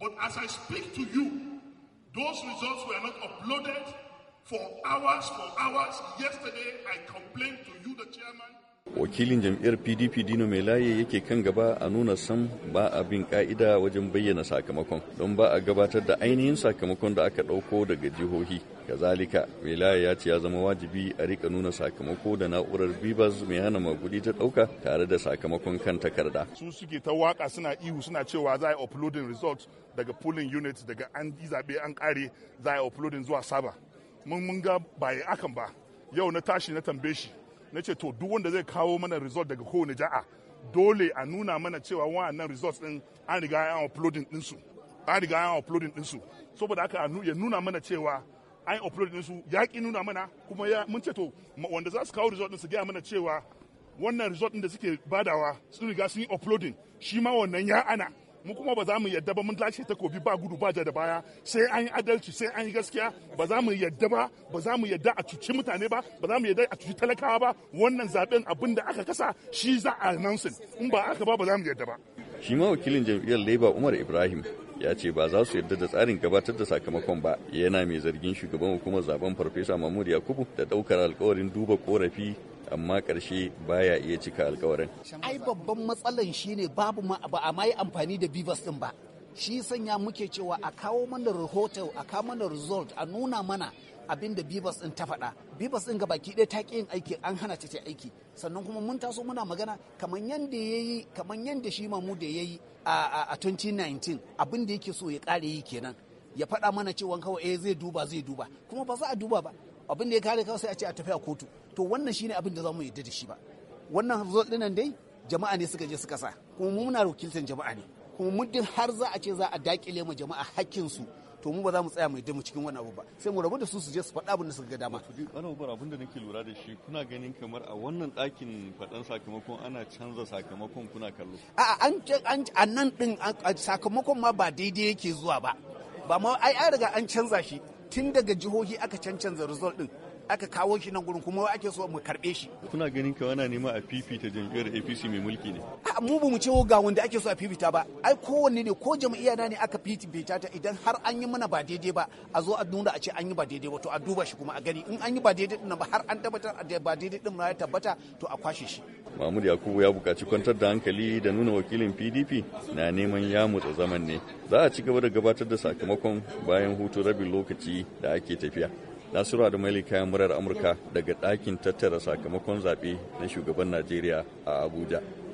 But as I speak to you, those results were not uploaded for hours, for hours. Yesterday, I complained to you, the chairman. wakilin jam'iyyar pdp dino mai laye yake kan gaba a nuna san ba a bin ka'ida wajen bayyana sakamakon don ba a gabatar da ainihin sakamakon da aka ɗauko daga jihohi kazalika mai laye ya ce ya zama wajibi a rika nuna sakamako da na'urar bibas mai hana magudi ta ɗauka tare da sakamakon kan takarda su suke ta waka suna ihu suna cewa za a yi uploading results daga polling unit daga an zaɓe an kare za a yi uploading zuwa saba mun mun ga ba akan ba yau na tashi na tambaye shi na ce to duk wanda zai kawo mana result daga kowane ja'a dole a nuna mana cewa wa'annan results din an riga an uploading su an riga an uploading su saboda haka ya nuna mana cewa an yi upload su ya ki nuna mana kuma mun ce to wanda za su kawo result su gaya mana cewa wannan result ɗin da suke badawa sun riga sun yi uploading shi ma wannan ya ana mu kuma ba za mu yadda ba mun lashe takobi ba gudu ba ja da baya sai an yi adalci sai an yi gaskiya ba za mu yadda ba ba za mu yadda a cuci mutane ba ba za mu yadda a cuci talakawa ba wannan zaben abin da aka kasa shi za a announcing in ba aka ba ba za mu yadda ba shi ma wakilin jam'iyyar Labour Umar Ibrahim ya ce ba za su yarda da tsarin gabatar da sakamakon ba yana mai zargin shugaban hukumar zaben farfesa mahmud yakubu da daukar alkawarin duba korafi amma ƙarshe baya iya cika alkawarin. Ai babban matsalan shine babu ma ba a ma yi amfani da Bivas din ba. Shi sanya muke cewa a kawo mana rahoto, a kawo mana result, a nuna mana abin da Bivas din ta faɗa. Bivas din baki ɗaya ta yin aiki an hana ta aiki. Sannan kuma mun taso muna magana kamar yanda yayi, kamar yanda shi mamu da yayi a 2019 abin da yake so ya ƙare yi kenan. Ya faɗa mana cewa kawai eh zai duba zai duba kuma ba za a duba ba abin da ya kare kawai sai a ce a tafi a kotu to wannan shine abin da za mu yadda da shi ba wannan result nan dai jama'a ne suka je suka sa kuma mu muna wakiltar jama'a ne kuma muddin har za a ce za a dakile ma jama'a hakkin su to mu ba za mu tsaya yadda mu cikin wannan abu ba sai mu rabu da su su je su faɗa abin da suka ga dama ana ubar abin da nake lura da shi kuna ganin kamar a wannan ɗakin faɗan sakamakon ana canza sakamakon kuna kallo a an a nan ɗin sakamakon ma ba daidai yake zuwa ba ba ma ai an riga an canza shi tun daga jihohi aka cancanza result din aka kawo shi nan gurin kuma ake so mu karbe shi kuna ganin ka wana nema a fifita jam'iyyar APC mai mulki ne a mu bamu ce ga wanda ake so a fifita ba ai kowanne ne ko jam'iyya na ne aka fifita ta idan har an yi mana ba daidai ba a zo a nuna a ce an yi ba daidai ba to a duba shi kuma a gani in an yi ba daidai din ba har an tabbatar da ba daidai din ya tabbata to a kwashe shi mahmud yakubu ya bukaci kwantar da hankali da nuna wakilin pdp na neman ya motsa zaman ne za a ci gaba da gabatar da sakamakon bayan hutu rabin lokaci da ake tafiya nasiru adamali kayan murar amurka daga ɗakin tattara sakamakon zaɓe na shugaban najeriya a abuja